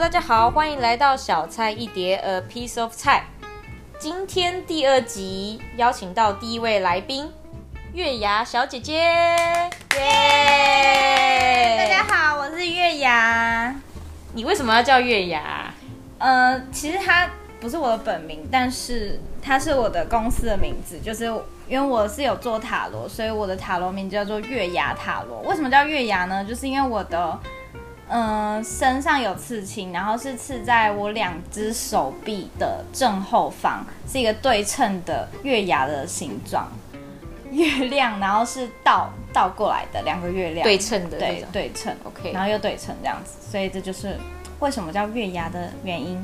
大家好，歡迎來到小蔡一碟 A Piece of Tsai。今天第二集邀請到第一位來賓，月牙小姐姐。耶！Yeah！Yeah！大家好，我是月牙。你為什麼要叫月牙？呃，其實它不是我的本名，但是它是我的公司的名字。就是因為我是有做塔羅，所以我的塔羅名叫做月牙塔羅。為什麼叫月牙呢？就是因為我的，嗯、呃，身上有刺青，然後是刺在我兩只手臂的正後方，是一個對稱的月牙的形狀，月亮，然後是倒倒過來的兩個月亮，對稱的對，對對稱，OK，然後又對稱這樣子，所以這就是為什麼叫月牙的原因。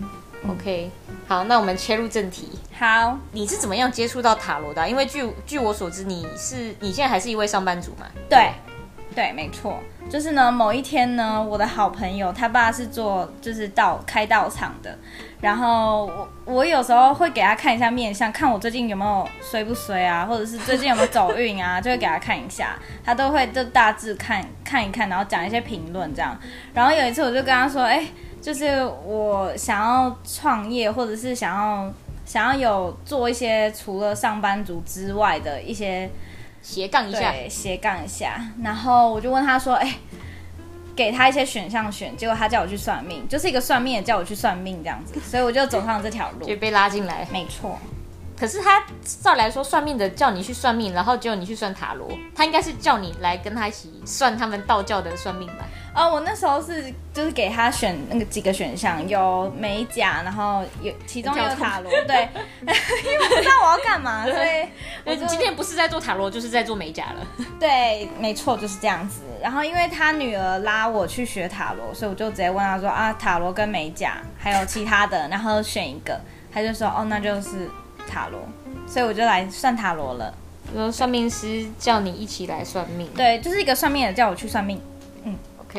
嗯、OK，好，那我們切入正題。好，你是怎麼樣接觸到塔羅的、啊？因為據據我所知，你是你現在還是一位上班族嘛？對。對對，沒錯，就是呢。某一天呢，我的好朋友他爸是做就是道開道場的，然後我我有時候會給他看一下面相，看我最近有沒有衰不衰啊，或者是最近有沒有走運啊， 就會給他看一下，他都會就大致看看一看，然後講一些評論這樣。然後有一次我就跟他說，哎，就是我想要創業，或者是想要想要有做一些除了上班族之外的一些。斜槓一下，斜槓一下，然後我就問他說：“哎、欸，給他一些選項選。”結果他叫我去算命，就是一個算命的叫我去算命這樣子，所以我就走上這條路，就被拉進來。沒錯，可是他照來說，算命的叫你去算命，然後叫你去算塔羅，他應該是叫你來跟他一起算他們道教的算命吧。哦，我那時候是就是給他選那個幾個選項，有美甲，然後有其中有塔羅，動對，因為不知道我要幹嘛，所以我今天不是在做塔羅就是在做美甲了。對，沒錯就是這樣子。然後因為他女兒拉我去學塔羅，所以我就直接問他說啊塔羅跟美甲還有其他的，然後選一個，他就說哦那就是塔羅，所以我就來算塔羅了。說算命師對叫你一起來算命，對，就是一個算命的叫我去算命。對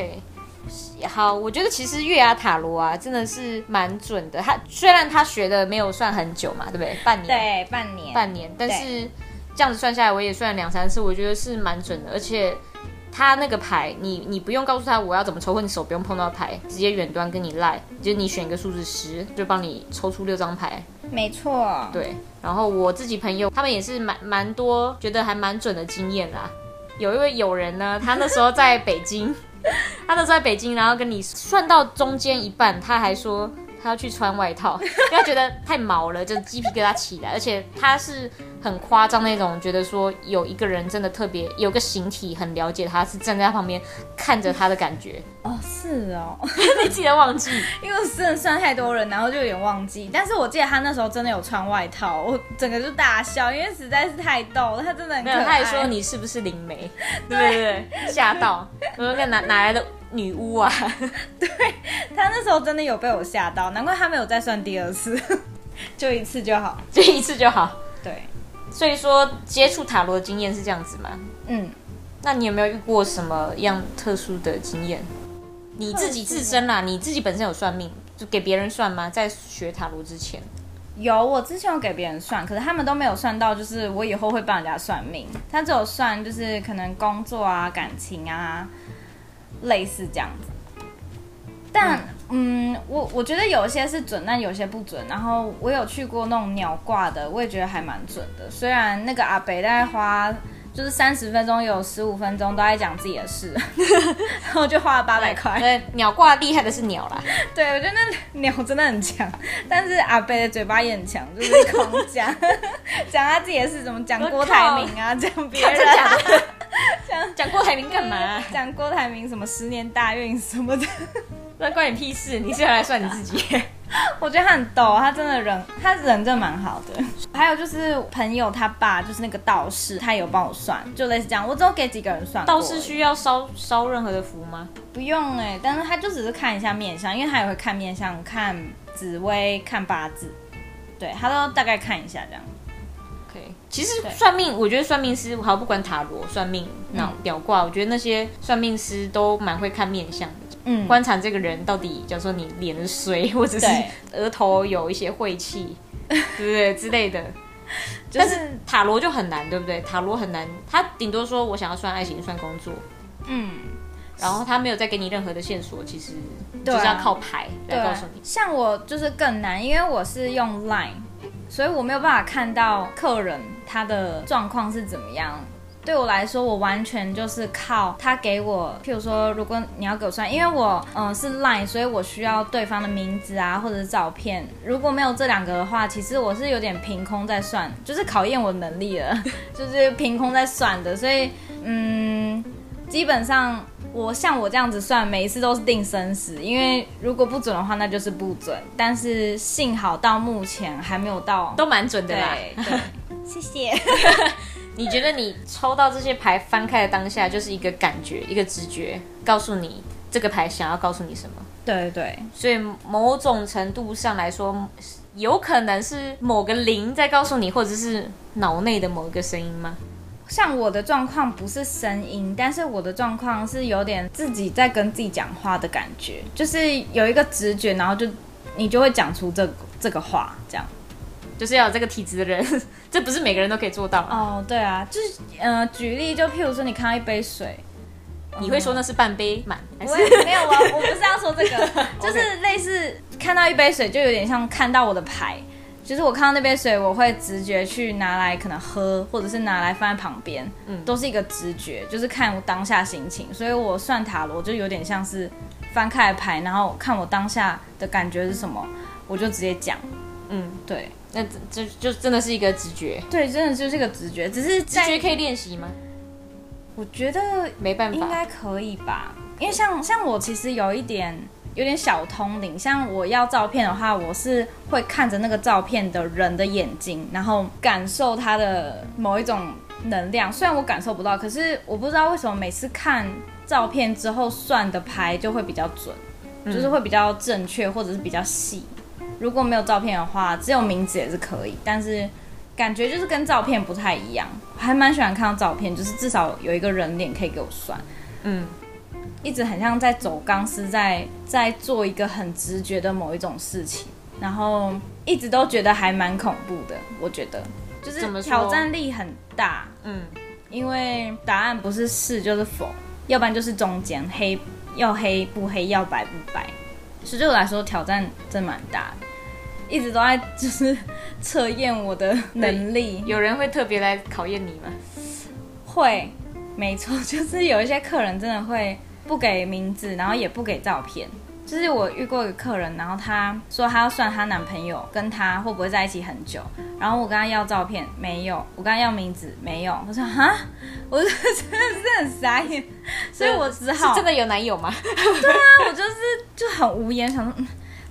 ，okay. 好，我覺得其實月牙塔羅啊，真的是蠻準的。他雖然他學的沒有算很久嘛，對不對？半年，對，半年，半年。但是對這樣子算下來，我也算了兩三次，我覺得是蠻準的。而且他那個牌，你你不用告訴他我要怎麼抽，或你手不用碰到牌，直接遠端跟你賴，就是你選一個數字十，就幫你抽出六張牌。沒錯，對。然後我自己朋友，他們也是蠻蠻多，覺得還蠻準的經驗啊。有一位友人呢，他那時候在北京。 他都在北京，然後跟你算到中間一半，他還說他要去穿外套，因為他覺得太毛了，就雞皮疙瘩起來。 而且他是很誇張那種，覺得說有一個人真的特別，有個形體很了解他，是站在他旁邊看着他的感覺。哦，是哦， 你記得忘記，因為我真的算太多人，然後就有點忘記。但是我記得他那時候真的有穿外套，我整個就大笑，因為實在是太逗了，他真的很可愛。他還說你是不是靈媒？對對對，嚇對到，我說哪哪來的。女巫啊， 對她那時候真的有被我嚇到，難怪她沒有再算第二次， 就一次就好，就一次就好。對，所以說接觸塔羅的經驗是這樣子嗎？嗯，那你有沒有遇過什麼樣特殊的經驗？你自己自身啦、啊，你自己本身有算命就給別人算嗎？在學塔羅之前，有我之前有給別人算，可是他們都沒有算到，就是我以後會幫人家算命，他只有算就是可能工作啊、感情啊。類似這樣子，但嗯，嗯，我我覺得有些是準，但有些不準。然後我有去過那種鳥掛的，我也覺得還蠻準的。雖然那個阿北大概花就是三十分鐘，有十五分鐘都在講自己的事，嗯、 然後就花了八百塊。鳥掛厲害的是鳥啦，對，我覺得那鳥真的很強，但是阿北的嘴巴也很強，就是空講講他自己的事，怎麼講郭靠台銘啊，講別人。 講講郭台銘幹嘛？啊，講郭台銘什麼十年大運什麼的，那關你屁事？你是要來算你自己？ 我覺得他很逗，他真的人，他人真的蠻好的。還有就是朋友他爸，就是那個道士，他有幫我算，就類似這樣。我只有給幾個人算。道士需要燒燒任何的符嗎？不，不用哎，欸，但是他就只是看一下面相，因為他也會看面相，看紫微，看八字，對，他都大概看一下這樣。Okay, 其實算命，對我覺得算命師我好不管塔羅算命那、腦表卦，我覺得那些算命師都蠻會看面相的，嗯，觀察這個人到底，假如說你臉衰或者是額頭有一些晦氣，對、嗯、不對之類的。 就是、但是塔羅就很難，對不對？塔羅很難，他頂多說我想要算愛情、算工作，嗯，然後他沒有再給你任何的線索，其實就是要靠牌來告訴你。像我就是更難，因為我是用 Line。嗯所以我沒有辦法看到客人他的狀況是怎麼樣。對我來說，我完全就是靠他給我，譬如說，如果你要給我算，因為我嗯是 Line，所以我需要對方的名字啊，或者是照片。如果沒有這兩個的話，其實我是有點憑空在算，就是考驗我能力了， 就是憑空在算的。所以嗯。基本上，我像我這樣子算，每一次都是定生死，因為如果不準的話，那就是不準。但是幸好到目前還沒有到，都蠻準的啦。對，對，謝謝。 你覺得你抽到這些牌翻開的當下，就是一個感覺，一個直覺，告訴你這個牌想要告訴你什麼？對對。所以某種程度上來說，有可能是某個靈在告訴你，或者是腦內的某一個聲音嗎？像我的狀況不是聲音，但是我的狀況是有點自己在跟自己講話的感覺，就是有一個直覺，然後就你就會講出這個、這個話，這樣，就是要有這個體質的人， 這不是每個人都可以做到。哦，oh, 對啊，就是嗯、呃，舉例就譬如說你看到一杯水，你會說那是半杯滿 Okay. 還是我沒有啊？我不是要說這個， Okay. 就是類似看到一杯水，就有點像看到我的牌。其實我看到那杯水，我會直覺去拿來可能喝，或者是拿來放在旁邊，嗯，都是一個直覺，就是看我當下心情。所以我算塔羅就有點像是翻開牌，然後看我當下的感覺是什麼，我就直接講，嗯，對，那這就，就真的是一個直覺，對，真的就是一個直覺，只是在直覺可以練習嗎？我覺得沒辦法，應該可以吧，因為像以像我其實有一點。有點小通靈，像我要照片的話，我是會看着那個照片的人的眼睛，然後感受他的某一種能量。雖然我感受不到，可是我不知道為什麼每次看照片之後算的牌就會比較準，嗯、就是會比較正確或者是比較細。如果沒有照片的話，只有名字也是可以，但是感覺就是跟照片不太一樣。還蠻喜歡看到照片，就是至少有一個人臉可以給我算。嗯。一直很像在走鋼絲，在在做一個很直覺的某一種事情，然後一直都覺得還蠻恐怖的。我覺得就是挑戰力很大，嗯，因為答案不是是就是否，要不然就是中間黑要黑不黑要白不白，所以對我來說挑戰真蠻大的，一直都在就是測驗我的能力。有人會特別來考驗你嗎？會，沒錯，就是有一些客人真的會。不給名字，然後也不給照片，就是我遇過一個客人，然後他說他要算他男朋友跟他會不會在一起很久，然後我跟她要照片，沒有，我跟她要名字，沒有，我說哈，我真的是很傻眼，所以，所以我只好是真的有男友嗎？ 對啊，我就是就很無言，想說嗯。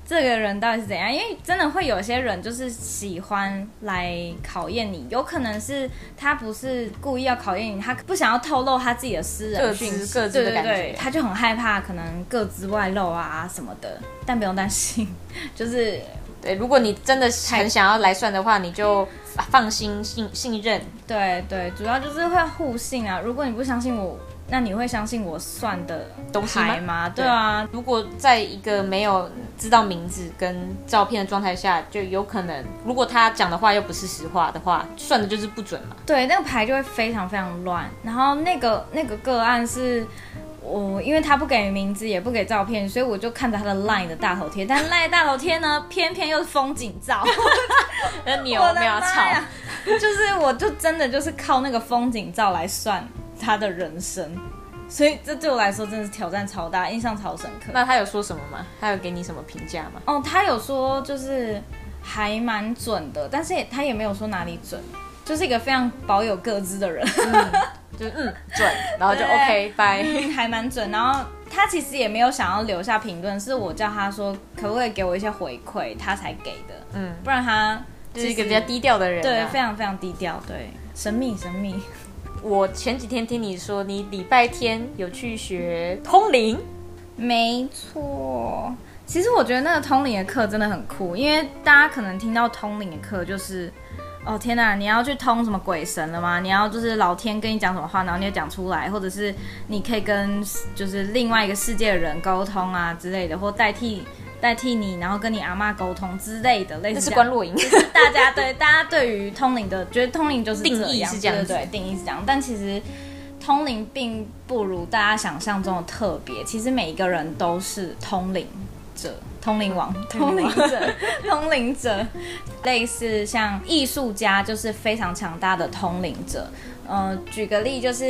這個人到底是怎樣？因為真的會有些人就是喜歡來考驗你，有可能是他不是故意要考驗你，他不想要透露他自己的私人訊息，個資個資的感覺，對，他就很害怕可能個資外漏啊什麼的，但不用擔心，就是對，如果你真的很想要來算的話，你就放心，信、信任，對對，主要就是會互信啊，如果你不相信我。那你會相信我算的牌嗎？東西嗎？對啊，如果在一個沒有知道名字跟照片的狀態下，就有可能，如果他講的話又不是實話的話，算的就是不準嘛。對，那個牌就會非常非常亂。然後那個那個個案是我，因為他不給名字也不給照片，所以我就看着他的 LINE 的大頭貼，但 LINE 的大頭貼呢，偏偏又是風景照。那你有沒有吵？就是我就真的就是靠那個風景照來算。他的人生，所以這對我來說真的是挑戰超大，印象超深刻。那他有說什麼嗎？他有給你什麼評價嗎？哦，他有說就是還蠻準的，但是也他也沒有說哪裡準，就是一個非常保有個資的人，嗯 就嗯準然後就 OK bye，對掰、嗯、還蠻準。然後他其實也沒有想要留下評論，是我叫他說可不可以給我一些回饋，他才給的。嗯，不然他，就是，就是一個比較低調的人，啊，對，非常非常低調，對，神秘神秘。我前幾天聽你說你禮拜天有去學通靈，沒錯。其實我覺得那個通靈的課真的很酷，因為大家可能聽到通靈的課就是，哦天哪、啊，你要去通什麼鬼神了嗎？你要就是老天跟你講什麼話，然後你要講出來，或者是你可以跟就是另外一個世界的人溝通啊之類的，或代替。代替你，然後跟你阿媽溝通之類的，類似。這、就是關若營大家對 大家對於通靈的，覺得通靈就是定義是這樣，對，定義是這樣。但其實通靈並不如大家想象中的特別。其實每一個人都是通靈者，通靈王，通靈者， 者，通靈者。類似像藝術家就是非常強大的通靈者。嗯、呃，舉個例，就是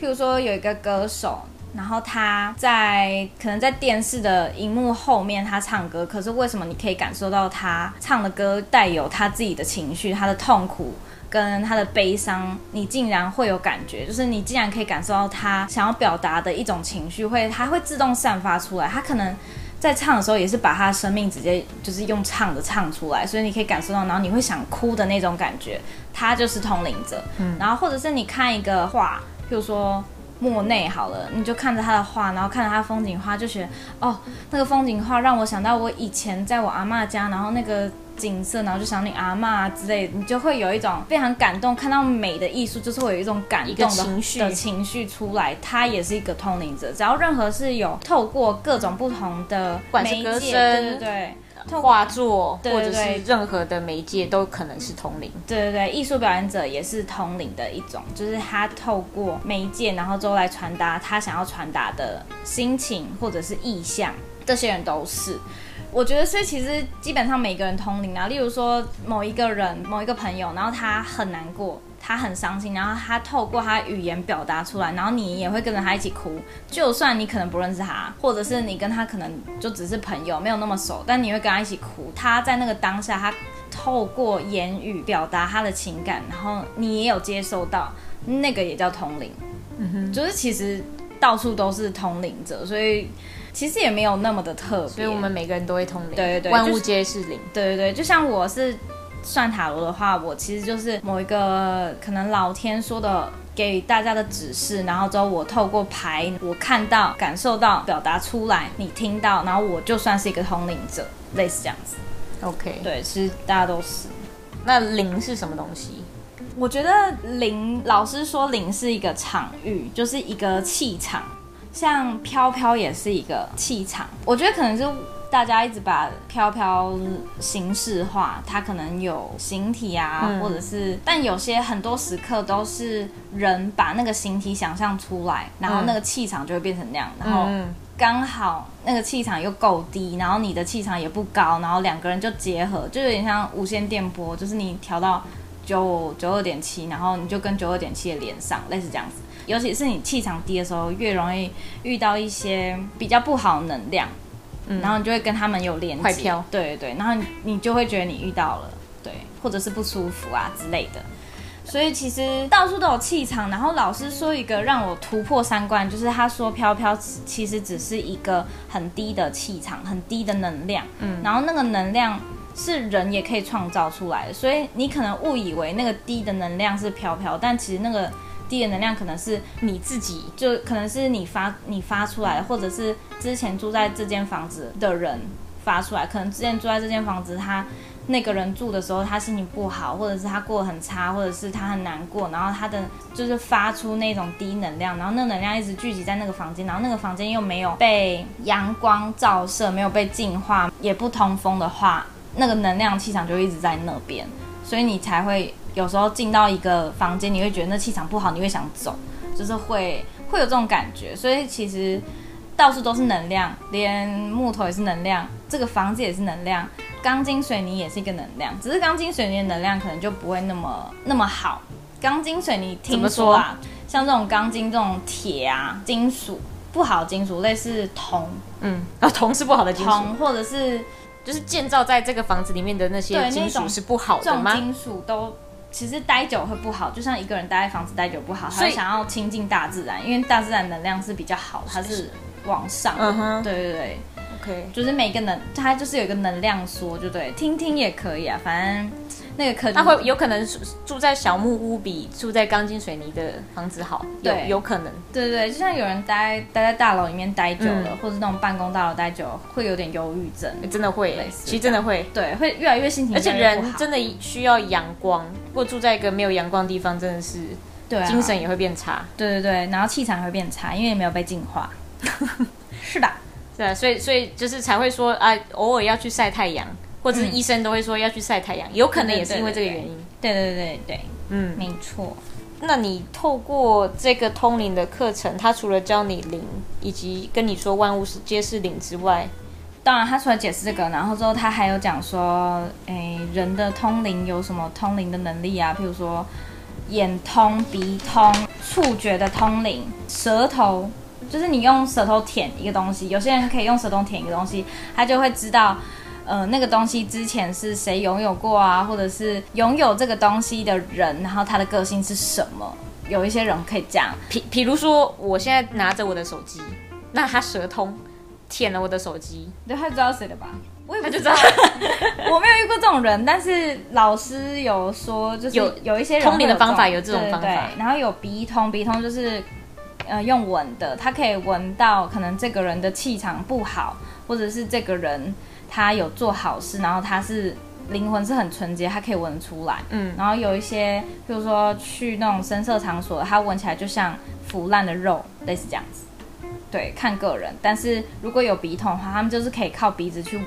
譬如說有一個歌手。然後他在可能在電視的熒幕後面，他唱歌，可是為什麼你可以感受到他唱的歌帶有他自己的情緒、他的痛苦跟他的悲傷？你竟然會有感覺，就是你竟然可以感受到他想要表達的一種情緒，會他會自動散發出來。他可能在唱的時候也是把他生命直接就是用唱的唱出來，所以你可以感受到，然後你會想哭的那種感覺，他就是通靈者。嗯，然後或者是你看一個畫，譬如說。莫內好了，你就看着他的畫，然後看着他的風景畫，就覺得，哦，那個風景畫讓我想到我以前在我阿嬤家，然後那個景色，然後就想你阿嬤之類，你就會有一種非常感動。看到美的藝術，就是會有一種感動的一個情緒，的情緒出來，他也是一個通靈者。只要任何是有透過各種不同的媒介，對不對？畫作，對對對，或者是任何的媒介都可能是通靈。對對對，藝術表演者也是通靈的一種，就是他透過媒介，然後之後來傳達他想要傳達的心情或者是意象。這些人都是。我覺得，所以其實基本上每個人通靈啊，例如說某一個人、某一個朋友，然後他很難過，他很傷心，然後他透過他語言表達出來，然後你也會跟着他一起哭，就算你可能不認識他，或者是你跟他可能就只是朋友，沒有那麼熟，但你會跟他一起哭。他在那個當下，他透過言語表達他的情感，然後你也有接收到，那個也叫通靈，嗯哼，就是其實到處都是通靈者，所以。其實也沒有那麼的特別，所以我們每個人都會通靈，對對對，萬物皆是靈，就是。對對對，就像我是算塔羅的話，我其實就是某一個可能老天說的給大家的指示，然後之後我透過牌，我看到、感受到、表達出來，你聽到，然後我就算是一個通靈者，類似這樣子。OK，對，其實大家都是。那靈是什麼東西？我覺得靈，老師說靈是一個場域，就是一個氣場。像飄飄也是一個氣場，我覺得可能是大家一直把飄飄形式化，它可能有形體啊，嗯、或者是，但有些很多時刻都是人把那個形體想象出來，然後那個氣場就會變成那樣，嗯、然後剛好那個氣場又夠低，然後你的氣場也不高，然後兩個人就結合，就有點像無線電波，就是你調到九，九二點七，然後你就跟九二點七的連上，類似這樣子。尤其是你氣場低的時候，越容易遇到一些比較不好的能量，嗯，然後你就會跟他們有聯繫，對飄對對，然後你你就會覺得你遇到了，對，或者是不舒服啊之類的。所以其實到處都有氣場。然後老師說一個讓我突破三觀，就是他說飄飄其實只是一個很低的氣場，很低的能量。嗯，然後那個能量是人也可以創造出來的，所以你可能誤以為那個低的能量是飄飄，但其實那個。低的能量可能是你自己，就可能是你發你發出來，或者是之前住在這間房子的人發出來。可能之前住在這間房子，他那個人住的時候，他心情不好，或者是他過得很差，或者是他很難過，然後他的就是發出那種低能量，然後那個能量一直聚集在那個房間，然後那個房間又沒有被陽光照射，沒有被淨化，也不通風的話，那個能量氣場就一直在那邊，所以你才會。有時候進到一個房間，你會覺得那氣場不好，你會想走，就是會會有這種感覺。所以其實到處都是能量，連木頭也是能量，這個房子也是能量，鋼筋水泥也是一個能量。只是鋼筋水泥的能量可能就不會那麼那麼好。鋼筋水泥，聽說啊？怎麼說？像這種鋼筋、這種鐵啊，金屬不好的金屬，金屬類似銅，嗯，啊，銅是不好的金屬，或者是就是建造在這個房子裡面的那些金屬是不好的嗎？種金屬都。其實待久會不好，就像一個人待在房子待久不好，他會想要親近大自然，因為大自然能量是比較好，它是往上。是是，對對對，OK，uh huh. 就是每一個能，它就是有一個能量說，就對，聽聽也可以啊，反正。那個可能他會，會有可能住在小木屋比住在鋼筋水泥的房子好，對有有可能。對對，對，就像有人待待在大樓裡面待久了，嗯、或者那種辦公大樓待久了，會有點憂鬱症，欸，真的會，其實真的會，對，會越來越心情越，而且人真的需要陽光，如果住在一個沒有陽光的地方，真的是，對、啊，精神也會變差，對對對，然後氣場會變差，因為沒有被淨化， 是的啦，對，所以所以就是才會說啊，偶爾要去曬太陽。或者是醫生都會說要去曬太陽，嗯、有可能也是因為這個原因。對，對對對對，嗯，沒錯。那你透過這個通靈的課程，他除了教你靈，以及跟你說萬物是皆是靈之外，當然他除了解釋這個，然後之後他還有講說，欸，人的通靈有什麼通靈的能力啊？譬如說眼通、鼻通、觸覺的通靈、舌頭，就是你用舌頭舔一個東西，有些人可以用舌頭舔一個東西，他就會知道。呃，那個東西之前是誰擁有過啊？或者是擁有這個東西的人，然後他的個性是什麼？有一些人可以這樣，譬、譬如說，我現在拿着我的手機，那他舌頭，舔了我的手機，那他知道誰的吧？我也不他就知道，我沒有遇過這種人， 但是老師有說，就是有有一些人通靈的方法有這種方法，對對對，然後有鼻通，鼻通就是呃用聞的，他可以聞到可能這個人的氣場不好，或者是這個人。他有做好事，然後他是靈魂是很純潔，他可以聞得出來。嗯，然後有一些，比如說去那種深色場所，他聞起來就像腐爛的肉，類似這樣子。對，看個人。但是如果有鼻通的話，他們就是可以靠鼻子去聞，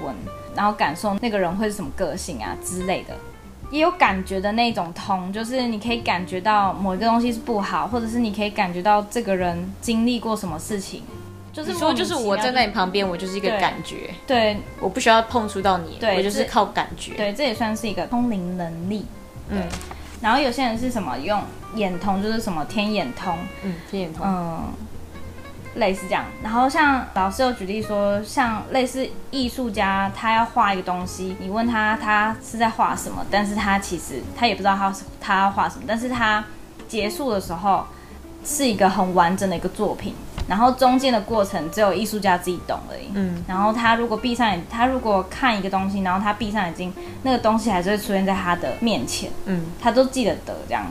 然後感受那個人會是什麼個性啊之類的，也有感覺的那種通，就是你可以感覺到某一個東西是不好，或者是你可以感覺到這個人經歷過什麼事情。就是，就是說，就是我站在你旁邊，我就是一個感覺。對，我不需要碰觸到你，對我就是靠感覺。對，這也算是一個通靈能力。對，嗯、然後有些人是什麼用眼通，就是什麼天眼通。嗯，天眼通。嗯、呃，類似這樣。然後像老師有舉例說，像類似藝術家，他要畫一個東西，你問他他是在畫什麼，但是他其實他也不知道他他要畫什麼，但是他結束的時候是一個很完整的一個作品。然後中間的過程只有藝術家自己懂而已。嗯，然後他如果閉上眼，他如果看一個東西，然後他閉上眼睛，那個東西還是會出現在他的面前。嗯，他都記得得這樣。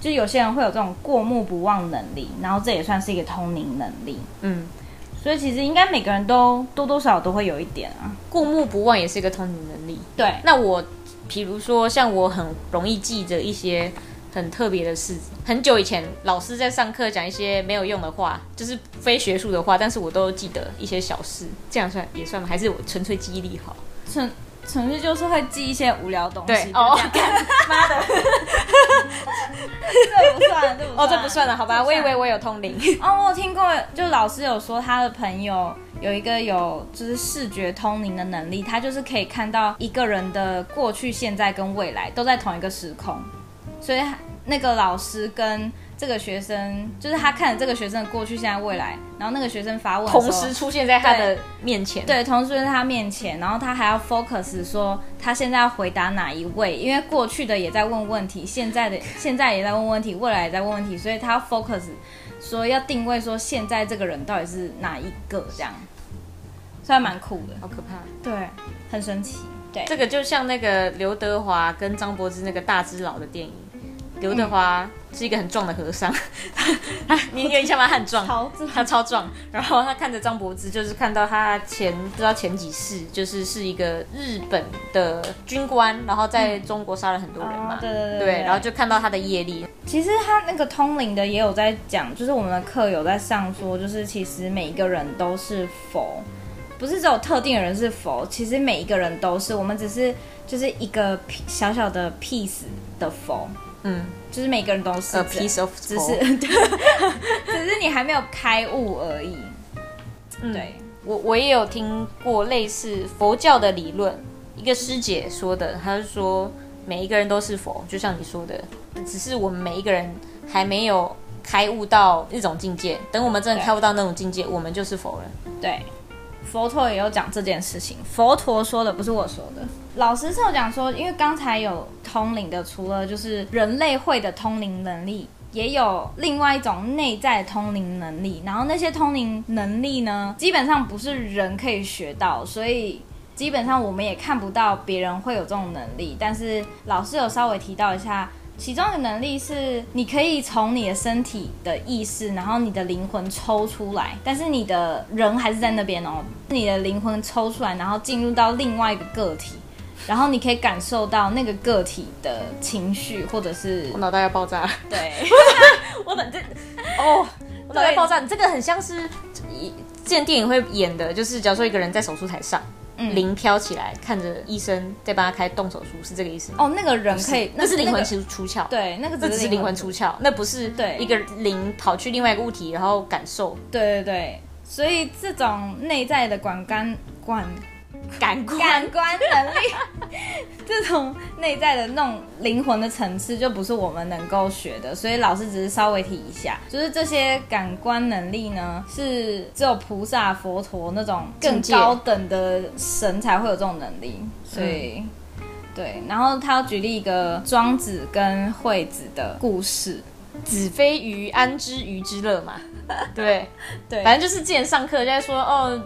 就有些人會有這種過目不忘能力，然後這也算是一個通靈能力。嗯，所以其實應該每個人都多多少少都會有一點啊。過目不忘也是一個通靈能力。對。那我，比如說，像我很容易記着一些。很特別的事。很久以前老師在上課講一些沒有用的話，就是非學術的話，但是我都記得一些小事，這樣算也算嗎？還是我純粹記憶力好？純純粹就是會記一些無聊東西。哦，媽的，這不算了，oh, 這不算了，好吧？我以為我有通靈哦，oh, 我有聽過，就老師有說他的朋友有一個有就是視覺通靈的能力，他就是可以看到一個人的過去、現在跟未來都在同一個時空。所以那個老師跟這個學生，就是他看着這個學生的過去、現在、未來，然後那個學生發問時同時出現在他的面前。對、對，同時出現在他面前，然後他還要 focus 說他現在要回答哪一位，因為過去的也在問問題，現在的現在也在問問題，未來也在問問題，所以他要 focus 說要定位說現在這個人到底是哪一個這樣，所以還蠻酷的，好可怕，對，很神奇，對，這個就像那個劉德華跟張柏芝那個大只佬的電影。劉德華、嗯、是一個很壯的和尚，你一下把他很壯，超他超壯。然後他看着張柏芝，就是看到他前，不知道前幾世就是是一個日本的軍官，然後在中國殺了很多人嘛。嗯啊、對對、對、對、對，然後就看到他的業力。其實他那個通靈的也有在講，就是我們的課有在上說，就是其實每一個人都是佛，不是這種特定的人是佛，其實每一個人都是，我們只是就是一個小小的 piece 的佛。嗯，就是每個人都是，a piece of，只是對，只是你還沒有開悟而已。對嗯，對我，我也有聽過類似佛教的理論，一個師姐說的，她是說每一個人都是佛，就像你說的，只是我們每一個人還沒有開悟到一種境界。等我們真的開悟到那種境界，對我們就是佛了。對。佛陀也有講這件事情，佛陀說的不是我說的。老師是有講說，因為剛才有通靈的，除了就是人類會的通靈能力，也有另外一種內在的通靈能力。然後那些通靈能力呢，基本上不是人可以學到，所以基本上我們也看不到別人會有這種能力。但是老師有稍微提到一下。其中的能力是，你可以從你的身體的意識，然後你的靈魂抽出來，但是你的人還是在那邊哦。你的靈魂抽出來，然後進入到另外一個個體，然後你可以感受到那個個體的情緒，或者是我腦袋要爆炸。對， 我腦子哦， oh, 我腦袋爆炸，對這個很像是見電影會演的，就是假如說一個人在手術台上。靈飄起來，看着醫生在幫他開動手術，是這個意思。哦，那個人可以，是那是靈魂出竅，那個，對，那個只是靈魂出竅，那不是對一個靈跑去另外一個物體，然後感受。對對對，所以這種內在的管干管。感官，感官能力， 這種內在的那種靈魂的層次，就不是我們能夠學的。所以老師只是稍微提一下，就是這些感官能力呢，是只有菩薩、佛陀那種更高等的神才會有這種能力。界所以，嗯、對。然後他要舉例一個莊子跟惠子的故事，“子非魚，安知魚之樂”嘛。對， 對。反正就是之前上課就在說，哦。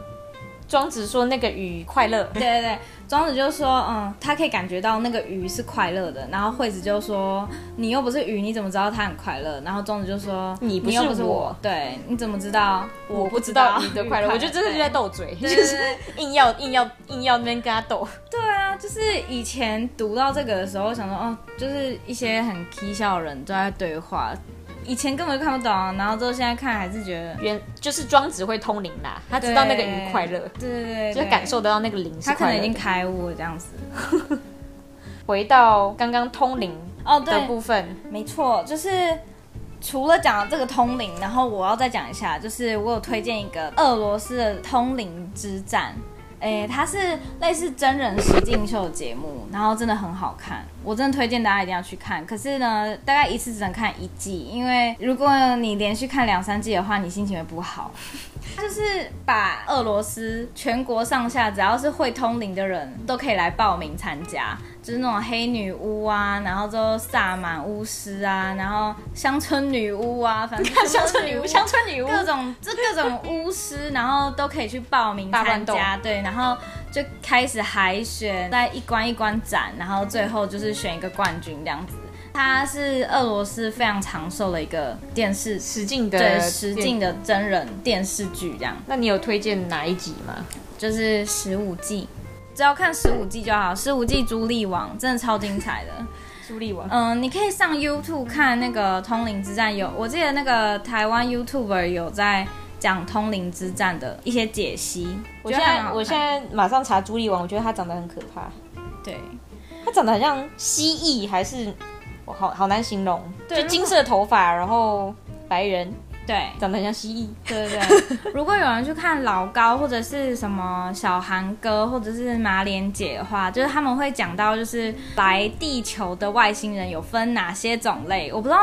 莊子說那個魚快樂，對對對，莊子就說，嗯，他可以感覺到那個魚是快樂的。然後惠子就說，你又不是魚，你怎麼知道它很快樂？然後莊子就說，你，你又不是我，對，你怎麼知道？我不知道，我不知道你的快樂，我就真的就在鬥嘴，就是硬要硬要硬要那邊跟他鬥。 對啊，就是以前讀到這個的時候，我想說，哦，就是一些很起笑的人都在對話。以前根本就看不懂啊，然後之後現在看還是覺得，原就是莊子會通靈啦，他知道那個魚快樂，對，對對，對就感受得到那個靈。他可能已經開悟了這樣子。 回到剛剛通靈的哦，對部分，沒錯，就是除了講了這個通靈，然後我要再講一下，就是我有推薦一個俄羅斯的通靈之戰。哎、欸，它是類似真人實境秀節目，然後真的很好看，我真的推薦大家一定要去看。可是呢，大概一次只能看一季，因為如果你連續看兩三季的話，你心情會不好。 就是把俄羅斯全國上下只要是會通靈的人都可以來報名參加。就是那種黑女巫啊，然後就薩滿巫師啊，然後鄉村女巫啊，反正鄉村女巫，鄉村女巫，女巫各種這各種巫師， 然後都可以去報名參加，大對，然後就開始海選，再一關一關斬，然後最後就是選一個冠軍這樣子。它是俄羅斯非常長壽的一個電視實境的，對，實境的真人電視劇這樣。那你有推薦哪一集嗎？就是十五季。只要看十五季就好，十五季《茱莉王》真的超精彩的。茱莉王，嗯、呃，你可以上 YouTube 看那個《通靈之戰》，有我記得那個台灣 YouTuber 有在講《通靈之戰》的一些解析。我現在我現在馬上查茱莉王，我覺得他長得很可怕。對，他長得很像蜥蜴，還是我好好難形容，對就金色的頭髮，然後白人。對，長得很像蜥蜴。對對對， 如果有人去看老高或者是什麼小韓哥或者是馬連姐的話，就是他們會講到，就是來地球的外星人有分哪些種類。我不知道，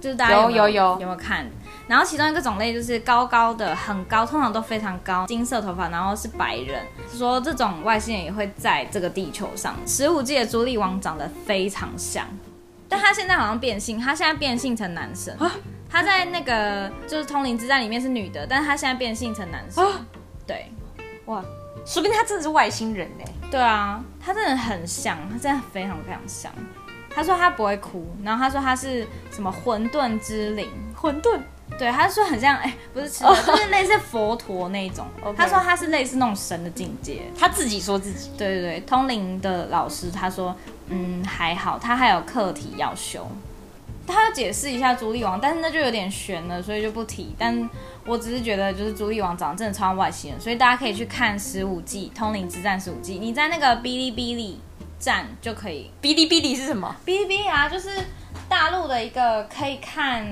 就是大家有有有有，有，有沒有看？然後其中一個種類就是高高的，很高，通常都非常高，金色頭髮，然後是白人。說這種外星人也會在這個地球上，十五季的茱莉王長得非常像，但他現在好像變性，他現在變性成男生。他在那個就是《通靈之戰》裡面是女的，但是他現在變性成、成男生。哦、對，哇，說不定他真的是外星人呢？欸？對啊，他真的很像，他真的非常非常像。他說他不會哭，然後他說他是什麼混沌之靈，混沌。對，他說很像，哎、欸，不是，就、Oh，是類似佛陀那種。Okay. 他說他是類似那種神的境界，他自己說自己。對對對，通靈的老師他說，嗯，還好，他還有課題要修。他要解釋一下《茱莉王》，但是那就有點玄了，所以就不提。但我只是覺得，就是朱《茱莉王》長得真的超像外星人，所以大家可以去看十五季《通靈之戰》十五季。你在那個嗶哩嗶哩站就可以。嗶哩嗶哩是什麼？Bilibili 啊，就是大陸的一個可以看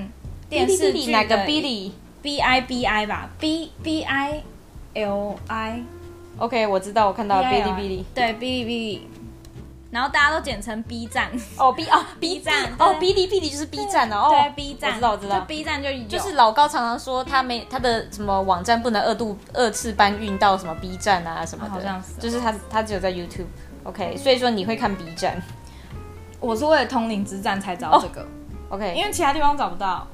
電視劇的。Ili, 哪個嗶哩？Bilibi 吧，B B I L I。B I B B、I L I? OK，我知道，我看到嗶哩嗶哩。Ili ili 對，嗶哩嗶哩。然後大家都簡稱 B 站哦，B 哦 b, b 站哦，嗶哩嗶哩就是 B 站，啊、對哦，對 b 站我知道我知道就，B 站就就是老高常常說他沒、嗯、他的什麼網站不能二度二次搬運到什麼 B 站啊什麼的，好像是就是他他只有在 YouTube OK，所以說你會看 B 站，我是為了《通靈之戰》才找這個、哦、OK，因為其他地方找不到。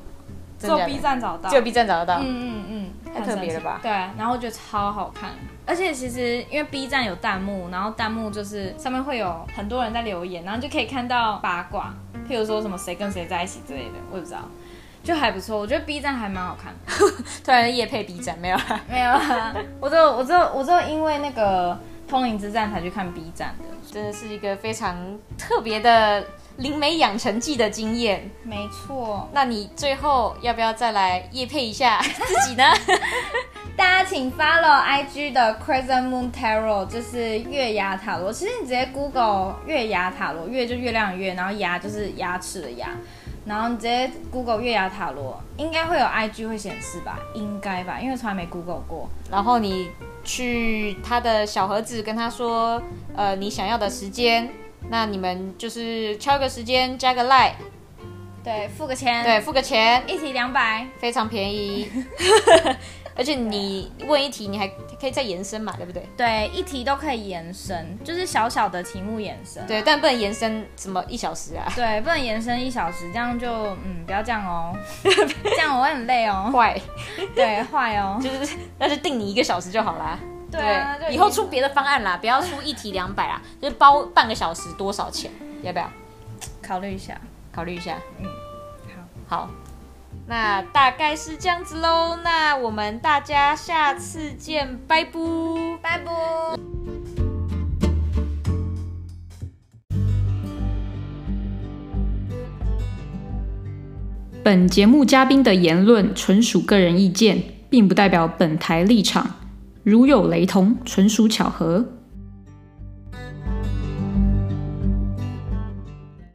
就 B 站找到，就 B 站找得到。嗯嗯嗯，嗯嗯嗯太很特別了吧？對，然後我覺得超好看，而且其實因為 B 站有彈幕，然後彈幕就是上面會有很多人在留言，然後就可以看到八卦，譬如說什麼誰跟誰在一起之類的，我也不知道，就還不錯。我覺得 B 站還蠻好看的。 突然業配 B 站 沒有、啊？沒有我就我只有我只有，我只有因為那個《通靈之戰》才去看 B 站的，真的是一個非常特別的靈媒養成記的經驗，沒錯。那你最後要不要再來業配一下自己呢？ 大家請 follow I G 的 Crescent Moon Tarot，就是月牙塔羅。其實你直接 Google 月牙塔羅，月就月亮的月，然後牙就是牙齒的牙，然後你直接 Google 月牙塔羅，應該會有 I G 會顯示吧？應該吧，因為從來沒 Google 過。然後你去他的小盒子跟他說，呃，你想要的時間。那你們就是敲個時間，加個賴，對，付個錢，對，付個錢，一題兩百，非常便宜。 而且你問一題，你還可以再延伸嘛，對不對？對，一題都可以延伸，就是小小的題目延伸啊。對，但不能延伸什麼一小時啊？對，不能延伸一小時，這樣就嗯，不要這樣哦， 這樣我會很累哦，壞，對，壞哦，就是那就定你一個小時就好啦。對，以後出別的方案啦，不要出一題兩百啊， 就包半個小時多少錢，要不要？考慮一下，考慮一下，嗯，好，好，那大概是這樣子嘍，那我們大家下次見，拜拜。拜拜。本節目嘉賓的言論純屬個人意見，並不代表本台立場，如有雷同，純屬巧合。